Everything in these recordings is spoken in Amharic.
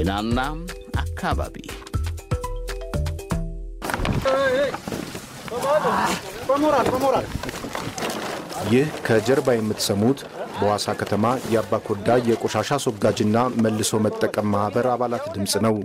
ጤናና አካባቢ ይህ ከጀርባ የምትሰሙት በዋሳ ከተማ የአባኮዳ የቆሻሻ አስወጋጅና መልሶ መጠቀም ማህበር አባላት ድምፅ ነው።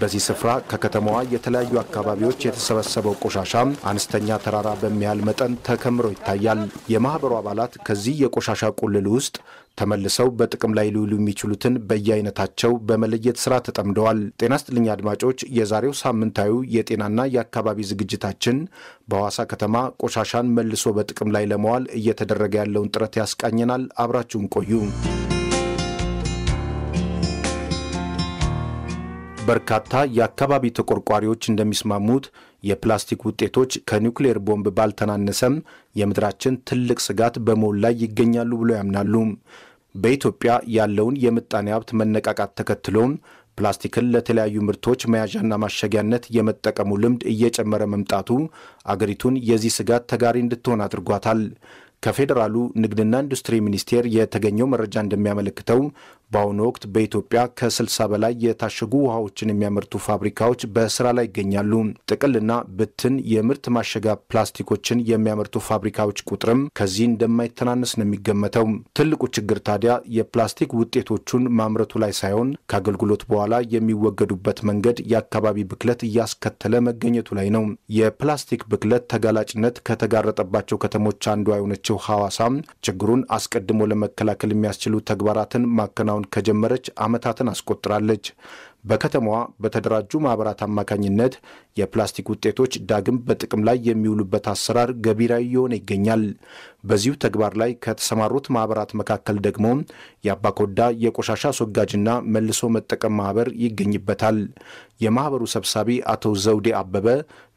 በዚህ ስፍራ ከከተማዋ የተለያዩ አካባቢዎች የተሰበሰበው ቆሻሻ አነስተኛ ተራራ በሚያህል መጠን ተከምሮ ይታያል። የማህበሩ አባላት ከዚህ የቆሻሻ ቁልል ውስጥ ተመልሰው በጥቅም ላይ ሊውሉ የሚችሉትን በየአይነታቸው በመለየት ስራ ተጠምደዋል። ጤና ስጥልኝ አድማጮች፣ የዛሬው ሳምንታዊ የጤናና የአካባቢ ዝግጅታችን በሐዋሳ ከተማ ቆሻሻን መልሶ በጥቅም ላይ ለመዋል እየተደረገ ያለውን ጥረት ያስቃኘናል። አብራችሁን ቆዩ። በርካታ የአካባቢ ተቆርቋሪዎች እንደሚስማሙት የፕላስቲክ ውጤቶች ከኒውክሌር ቦምብ ባልተናነሰም የምድራችን ትልቅ ስጋት በመሆን ላይ ይገኛሉ ብሎ ያምናሉ። በኢትዮጵያ ያለውን የምጣኔ ሀብት መነቃቃት ተከትሎም ፕላስቲክን ለተለያዩ ምርቶች መያዣና ማሸጊያነት የመጠቀሙ ልምድ እየጨመረ መምጣቱ አገሪቱን የዚህ ስጋት ተጋሪ እንድትሆን አድርጓታል። ከፌዴራሉ ንግድና ኢንዱስትሪ ሚኒስቴር የተገኘው መረጃ እንደሚያመለክተውም በአሁኑ ወቅት በኢትዮጵያ ከ60 በላይ የታሸጉ ውሃዎችን የሚያመርቱ ፋብሪካዎች በስራ ላይ ይገኛሉ። ጥቅልና ብትን የምርት ማሸጋ ፕላስቲኮችን የሚያመርቱ ፋብሪካዎች ቁጥርም ከዚህ እንደማይተናነስ ነው የሚገመተው። ትልቁ ችግር ታዲያ የፕላስቲክ ውጤቶቹን ማምረቱ ላይ ሳይሆን ከአገልግሎት በኋላ የሚወገዱበት መንገድ የአካባቢ ብክለት እያስከተለ መገኘቱ ላይ ነው። የፕላስቲክ ብክለት ተጋላጭነት ከተጋረጠባቸው ከተሞች አንዷ የሆነችው የሆነችው ሐዋሳም ችግሩን አስቀድሞ ለመከላከል የሚያስችሉ ተግባራትን ማከናወን ከጀመረች ዓመታትን አስቆጥራለች። በከተማዋ በተደራጁ ማኅበራት አማካኝነት የፕላስቲክ ውጤቶች ዳግም በጥቅም ላይ የሚውሉበት አሰራር ገቢራዊ የሆነ ይገኛል። በዚሁ ተግባር ላይ ከተሰማሩት ማኅበራት መካከል ደግሞ የአባኮዳ የቆሻሻ አስወጋጅና መልሶ መጠቀም ማኅበር ይገኝበታል። የማኅበሩ ሰብሳቢ አቶ ዘውዴ አበበ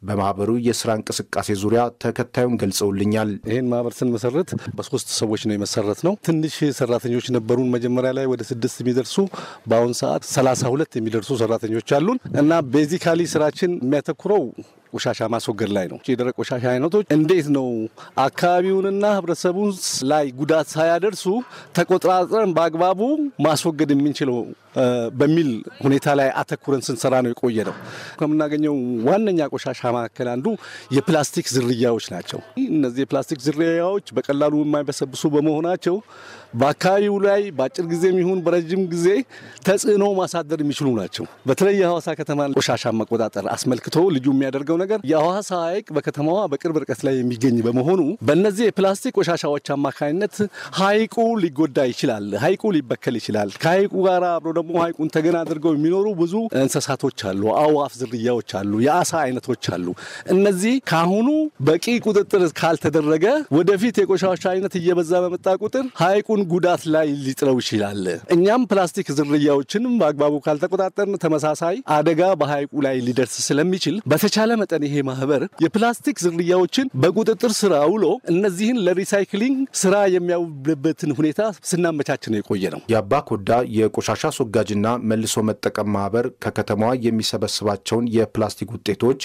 በማህበሩ የስራ እንቅስቃሴ ዙሪያ ተከታዩን ገልጸውልኛል። ይህን ማህበር ስንመሰረት በሶስት ሰዎች ነው የመሰረት ነው። ትንሽ ሰራተኞች ነበሩን መጀመሪያ ላይ ወደ ስድስት የሚደርሱ በአሁኑ ሰዓት ሰላሳ ሁለት የሚደርሱ ሰራተኞች አሉን እና ቤዚካሊ ስራችን የሚያተኩረው ቆሻሻ ማስወገድ ላይ ነው። የደረቅ ቆሻሻ አይነቶች እንዴት ነው አካባቢውንና ህብረተሰቡን ላይ ጉዳት ሳያደርሱ ተቆጥራጥረን በአግባቡ ማስወገድ የምንችለው በሚል ሁኔታ ላይ አተኩረን ስንሰራ ነው የቆየ ነው። ከምናገኘው ዋነኛ ቆሻሻ መካከል አንዱ የፕላስቲክ ዝርያዎች ናቸው። እነዚህ የፕላስቲክ ዝርያዎች በቀላሉ የማይበሰብሱ በመሆናቸው በአካባቢው ላይ በአጭር ጊዜ የሚሆን በረጅም ጊዜ ተጽዕኖ ማሳደር የሚችሉ ናቸው። በተለይ የሐዋሳ ከተማ ቆሻሻ መቆጣጠር አስመልክቶ ልጁ የሚያደርገው ነገር የአዋሳ ሐይቅ በከተማዋ በቅርብ ርቀት ላይ የሚገኝ በመሆኑ በእነዚህ የፕላስቲክ ቆሻሻዎች አማካኝነት ሐይቁ ሊጎዳ ይችላል። ሐይቁ ሊበከል ይችላል። ከሐይቁ ጋር አብሮ ደግሞ ሐይቁን ተገን አድርገው የሚኖሩ ብዙ እንስሳቶች አሉ። አዋፍ ዝርያዎች አሉ። የአሳ አይነቶች አሉ። እነዚህ ካሁኑ በቂ ቁጥጥር ካልተደረገ ወደፊት የቆሻሻ አይነት እየበዛ በመጣ ቁጥር ሐይቁን ጉዳት ላይ ሊጥለው ይችላል። እኛም ፕላስቲክ ዝርያዎችንም በአግባቡ ካልተቆጣጠርን ተመሳሳይ አደጋ በሐይቁ ላይ ሊደርስ ስለሚችል በተቻለ መጠን ይሄ ማህበር የፕላስቲክ ዝርያዎችን በቁጥጥር ስራ አውሎ እነዚህን ለሪሳይክሊንግ ስራ የሚያውልበትን ሁኔታ ስናመቻችን የቆየ ነው። የአባ ኮዳ የቆሻሻ አስወጋጅና መልሶ መጠቀም ማህበር ከከተማዋ የሚሰበስባቸውን የፕላስቲክ ውጤቶች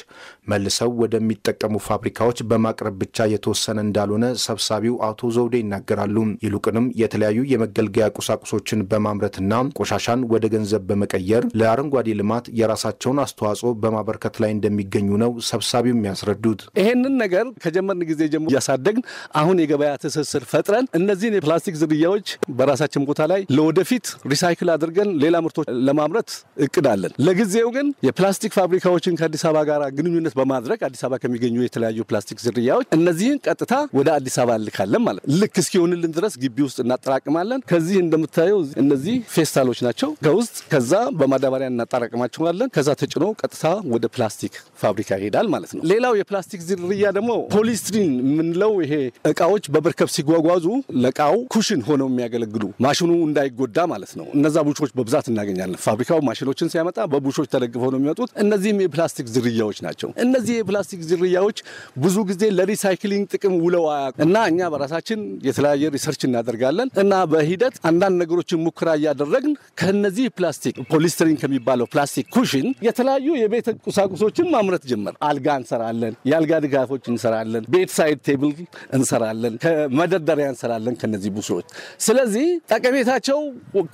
መልሰው ወደሚጠቀሙ ፋብሪካዎች በማቅረብ ብቻ የተወሰነ እንዳልሆነ ሰብሳቢው አቶ ዘውዴ ይናገራሉ። ይልቁንም የተለያዩ የመገልገያ ቁሳቁሶችን በማምረትና ቆሻሻን ወደ ገንዘብ በመቀየር ለአረንጓዴ ልማት የራሳቸውን አስተዋጽኦ በማበርከት ላይ እንደሚገኙ ነው ሰብሳቢው የሚያስረዱት። ይሄንን ነገር ከጀመርን ጊዜ ጀምሮ እያሳደግን አሁን የገበያ ትስስር ፈጥረን እነዚህን የፕላስቲክ ዝርያዎች በራሳችን ቦታ ላይ ለወደፊት ሪሳይክል አድርገን ሌላ ምርቶች ለማምረት እቅድ ለጊዜው ግን የፕላስቲክ ፋብሪካዎችን ከአዲስ አበባ ጋር ግንኙነት በማድረግ አዲስ አበባ ከሚገኙ የተለያዩ ፕላስቲክ ዝርያዎች እነዚህን ቀጥታ ወደ አዲስ አበባ እልካለን ማለት ነው። ልክ እስኪሆንልን ድረስ ግቢ ውስጥ እናጠራቅማለን። ከዚህ እንደምታየው እነዚህ ፌስታሎች ናቸው ከውስጥ ከዛ በማዳበሪያ እናጠራቅማቸዋለን። ከዛ ተጭኖ ቀጥታ ወደ ፕላስቲክ ፋብሪካ ይሄዳል ማለት ነው። ሌላው የፕላስቲክ ዝርያ ደግሞ ፖሊስትሪን የምንለው ይሄ እቃዎች በመርከብ ሲጓጓዙ ለእቃው ኩሽን ሆነው የሚያገለግሉ ማሽኑ እንዳይጎዳ ማለት ነው። እነዛ ቡሾች በብዛት እናገኛለን። ፋብሪካው ማሽኖችን ሲያመጣ በቡሾች ተደግፈው ነው የሚመጡት። እነዚህም የፕላስቲክ ዝርያዎች ናቸው። እነዚህ የፕላስቲክ ዝርያዎች ብዙ ጊዜ ለሪሳይክሊንግ ጥቅም ውለው እና እኛ በራሳችን የተለያየ ሪሰርች እናደርጋለን እና በሂደት አንዳንድ ነገሮችን ሙከራ እያደረግን ከነዚህ ፕላስቲክ ፖሊስትሪን ከሚባለው ፕላስቲክ ኩሽን የተለያዩ የቤት ቁሳቁሶችን ማምረት ጀመር ነበር። አልጋ እንሰራለን፣ የአልጋ ድጋፎች እንሰራለን፣ ቤት ሳይድ ቴብል እንሰራለን፣ መደርደሪያ እንሰራለን ከነዚህ ቡሶች። ስለዚህ ጠቀሜታቸው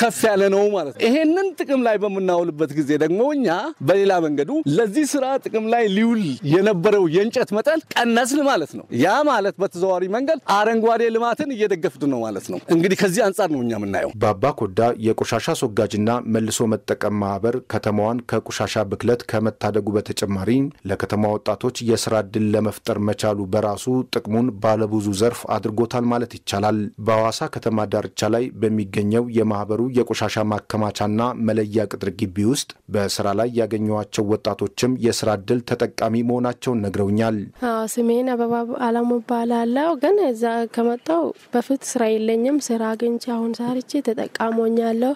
ከፍ ያለ ነው ማለት ነው። ይሄንን ጥቅም ላይ በምናውልበት ጊዜ ደግሞ እኛ በሌላ መንገዱ ለዚህ ስራ ጥቅም ላይ ሊውል የነበረው የእንጨት መጠን ቀነስን ማለት ነው። ያ ማለት በተዘዋዋሪ መንገድ አረንጓዴ ልማትን እየደገፍን ነው ማለት ነው። እንግዲህ ከዚህ አንጻር ነው እኛ የምናየው። በአባ ኮዳ የቆሻሻ አስወጋጅና መልሶ መጠቀም ማህበር ከተማዋን ከቆሻሻ ብክለት ከመታደጉ በተጨማሪ ከተማ ወጣቶች የስራ እድል ለመፍጠር መቻሉ በራሱ ጥቅሙን ባለብዙ ዘርፍ አድርጎታል ማለት ይቻላል። በሐዋሳ ከተማ ዳርቻ ላይ በሚገኘው የማህበሩ የቆሻሻ ማከማቻና መለያ ቅጥር ግቢ ውስጥ በስራ ላይ ያገኘኋቸው ወጣቶችም የስራ እድል ተጠቃሚ መሆናቸውን ነግረውኛል። ስሜን አበባ አላሙ እባላለሁ። ግን እዛ ከመጣው በፊት ስራ የለኝም። ስራ አግኝቼ አሁን ሰርቼ ተጠቃሞኛለሁ።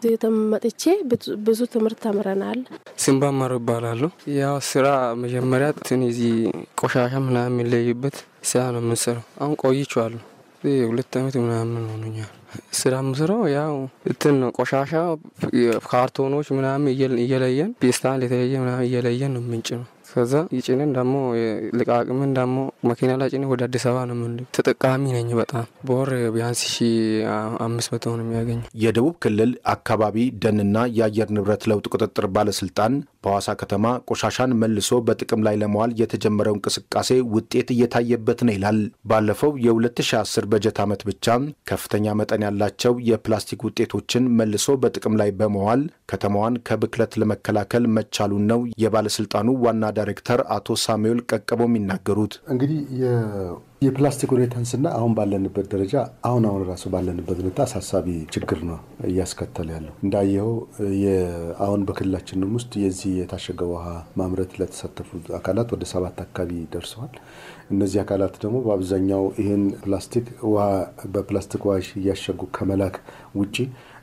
መጥቼ ብዙ ትምህርት ተምረናል። ሲምባ መሮ እባላለሁ። ያው ስራ መጀመሪያ ማለት እዚህ ቆሻሻ ምናምን የሚለይበት ስራ ነው የምንሰራው። አሁን ቆይቸዋሉ ሁለት ዓመት ምናምን ሆኖኛል። ስራ የምሰራው ያው እንትን ነው ቆሻሻ ካርቶኖች ምናምን እየለየን ፔስታል የተለየ ምናምን እየለየን ነው ምንጭ ነው ከዛ ይጭንን ደግሞ ልቃቅምን ደግሞ መኪና ላይ ጭንን ወደ አዲስ አበባ ነው ምንድ ተጠቃሚ ነኝ። በጣም በወር ቢያንስ ሺ አምስት መቶ ነው የሚያገኝ። የደቡብ ክልል አካባቢ ደንና የአየር ንብረት ለውጥ ቁጥጥር ባለስልጣን በሐዋሳ ከተማ ቆሻሻን መልሶ በጥቅም ላይ ለመዋል የተጀመረው እንቅስቃሴ ውጤት እየታየበት ነው ይላል። ባለፈው የ2010 በጀት ዓመት ብቻ ከፍተኛ መጠን ያላቸው የፕላስቲክ ውጤቶችን መልሶ በጥቅም ላይ በመዋል ከተማዋን ከብክለት ለመከላከል መቻሉን ነው የባለስልጣኑ ዋና ዳይሬክተር አቶ ሳሙኤል ቀቀቦም ይናገሩት። እንግዲህ የፕላስቲክ ሁኔታን ስና አሁን ባለንበት ደረጃ አሁን አሁን ራሱ ባለንበት ሁኔታ አሳሳቢ ችግር ነው እያስከተለ ያለው። እንዳየው አሁን በክልላችንም ውስጥ የዚህ የታሸገ ውሃ ማምረት ለተሳተፉ አካላት ወደ ሰባት አካባቢ ደርሰዋል። እነዚህ አካላት ደግሞ በአብዛኛው ይህን ፕላስቲክ ውሃ በፕላስቲክ ውሃ እያሸጉ ከመላክ ውጪ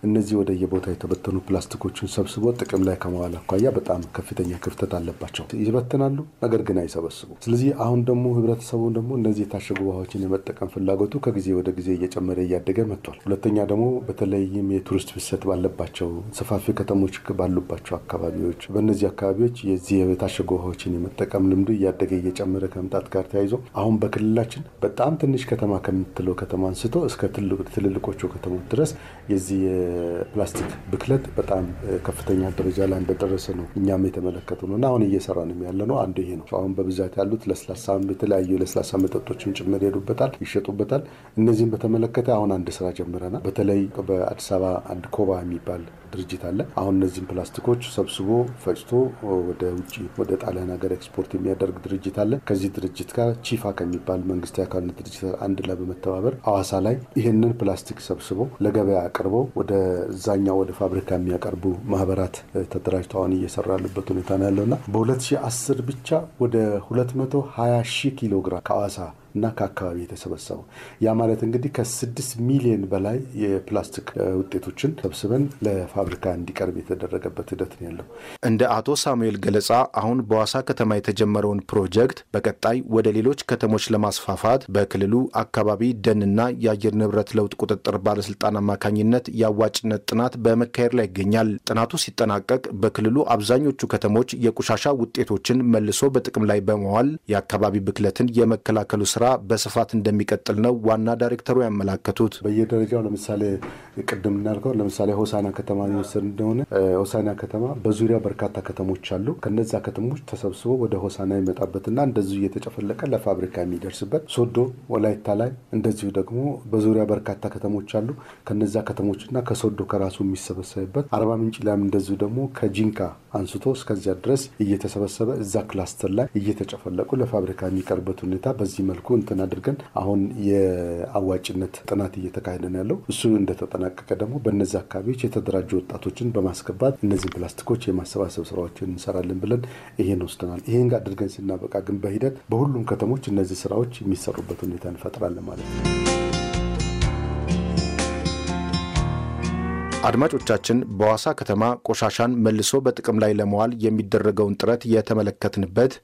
እነዚህ ወደ የቦታ የተበተኑ ፕላስቲኮችን ሰብስቦ ጥቅም ላይ ከመዋል አኳያ በጣም ከፍተኛ ክፍተት አለባቸው። ይበትናሉ፣ ነገር ግን አይሰበስቡ። ስለዚህ አሁን ደግሞ ህብረተሰቡ ደግሞ እነዚህ የታሸ የታሸጉ ውሃዎችን የመጠቀም ፍላጎቱ ከጊዜ ወደ ጊዜ እየጨመረ እያደገ መጥቷል። ሁለተኛ ደግሞ በተለይም የቱሪስት ፍሰት ባለባቸው ሰፋፊ ከተሞች ባሉባቸው አካባቢዎች በእነዚህ አካባቢዎች የዚህ የታሸጉ ውሃዎችን የመጠቀም ልምዱ እያደገ እየጨመረ ከመምጣት ጋር ተያይዞ አሁን በክልላችን በጣም ትንሽ ከተማ ከምትለው ከተማ አንስቶ እስከ ትልልቆቹ ከተሞች ድረስ የዚህ የፕላስቲክ ብክለት በጣም ከፍተኛ ደረጃ ላይ እንደደረሰ ነው እኛም የተመለከቱ ነው እና አሁን እየሰራ ነው ያለ ነው። አንዱ ይሄ ነው። አሁን በብዛት ያሉት ለስላሳ የተለያዩ ለስላሳ መጠጦችን ጭምር ይሄዱበታል፣ ይሸጡበታል። እነዚህም በተመለከተ አሁን አንድ ስራ ጀምረናል። በተለይ በአዲስ አበባ አንድ ኮባ የሚባል ድርጅት አለ። አሁን እነዚህም ፕላስቲኮች ሰብስቦ ፈጭቶ ወደ ውጭ ወደ ጣሊያን ሀገር ኤክስፖርት የሚያደርግ ድርጅት አለ። ከዚህ ድርጅት ጋር ቺፋ ከሚባል መንግስታዊ አካልነት ድርጅት አንድ ላይ በመተባበር አዋሳ ላይ ይህንን ፕላስቲክ ሰብስቦ ለገበያ አቅርቦ ወደ እዛኛው ወደ ፋብሪካ የሚያቀርቡ ማህበራት ተደራጅቶ አሁን እየሰራ ያለበት ሁኔታ ነው ያለውና በ2010 ብቻ ወደ 220 ሺህ ኪሎ ግራም ከአዋሳ እና ከአካባቢ የተሰበሰበው ያ ማለት እንግዲህ ከስድስት ሚሊዮን በላይ የፕላስቲክ ውጤቶችን ሰብስበን ለፋብሪካ እንዲቀርብ የተደረገበት ሂደት ነው ያለው። እንደ አቶ ሳሙኤል ገለጻ አሁን በዋሳ ከተማ የተጀመረውን ፕሮጀክት በቀጣይ ወደ ሌሎች ከተሞች ለማስፋፋት በክልሉ አካባቢ ደንና የአየር ንብረት ለውጥ ቁጥጥር ባለስልጣን አማካኝነት የአዋጭነት ጥናት በመካሄድ ላይ ይገኛል። ጥናቱ ሲጠናቀቅ በክልሉ አብዛኞቹ ከተሞች የቆሻሻ ውጤቶችን መልሶ በጥቅም ላይ በመዋል የአካባቢ ብክለትን የመከላከሉ ስራ ስራ በስፋት እንደሚቀጥል ነው ዋና ዳይሬክተሩ ያመላከቱት። በየደረጃው ለምሳሌ ቅድም እናልከው ለምሳሌ ሆሳና ከተማ የሚወሰድ እንደሆነ ሆሳና ከተማ በዙሪያ በርካታ ከተሞች አሉ። ከነዛ ከተሞች ተሰብስቦ ወደ ሆሳና ይመጣበትና እንደዚሁ እየተጨፈለቀ ለፋብሪካ የሚደርስበት ሶዶ፣ ወላይታ ላይ እንደዚሁ ደግሞ በዙሪያ በርካታ ከተሞች አሉ። ከነዛ ከተሞችና ከሶዶ ከራሱ የሚሰበሰብበት አርባ ምንጭ ላይም እንደዚሁ ደግሞ ከጂንካ አንስቶ እስከዚያ ድረስ እየተሰበሰበ እዛ ክላስተር ላይ እየተጨፈለቁ ለፋብሪካ የሚቀርበት ሁኔታ በዚህ መልኩ እንትን አድርገን አሁን የአዋጭነት ጥናት እየተካሄደ ነው ያለው። እሱ እንደተጠናቀቀ ደግሞ በእነዚህ አካባቢዎች የተደራጁ ወጣቶችን በማስገባት እነዚህን ፕላስቲኮች የማሰባሰብ ስራዎችን እንሰራለን ብለን ይሄን ወስደናል። ይሄን አድርገን ስናበቃ ግን በሂደት በሁሉም ከተሞች እነዚህ ስራዎች የሚሰሩበት ሁኔታ እንፈጥራለን ማለት ነው። አድማጮቻችን በዋሳ ከተማ ቆሻሻን መልሶ በጥቅም ላይ ለመዋል የሚደረገውን ጥረት የተመለከትንበት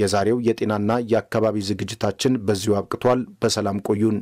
የዛሬው የጤናና የአካባቢ ዝግጅታችን በዚሁ አብቅቷል። በሰላም ቆዩን።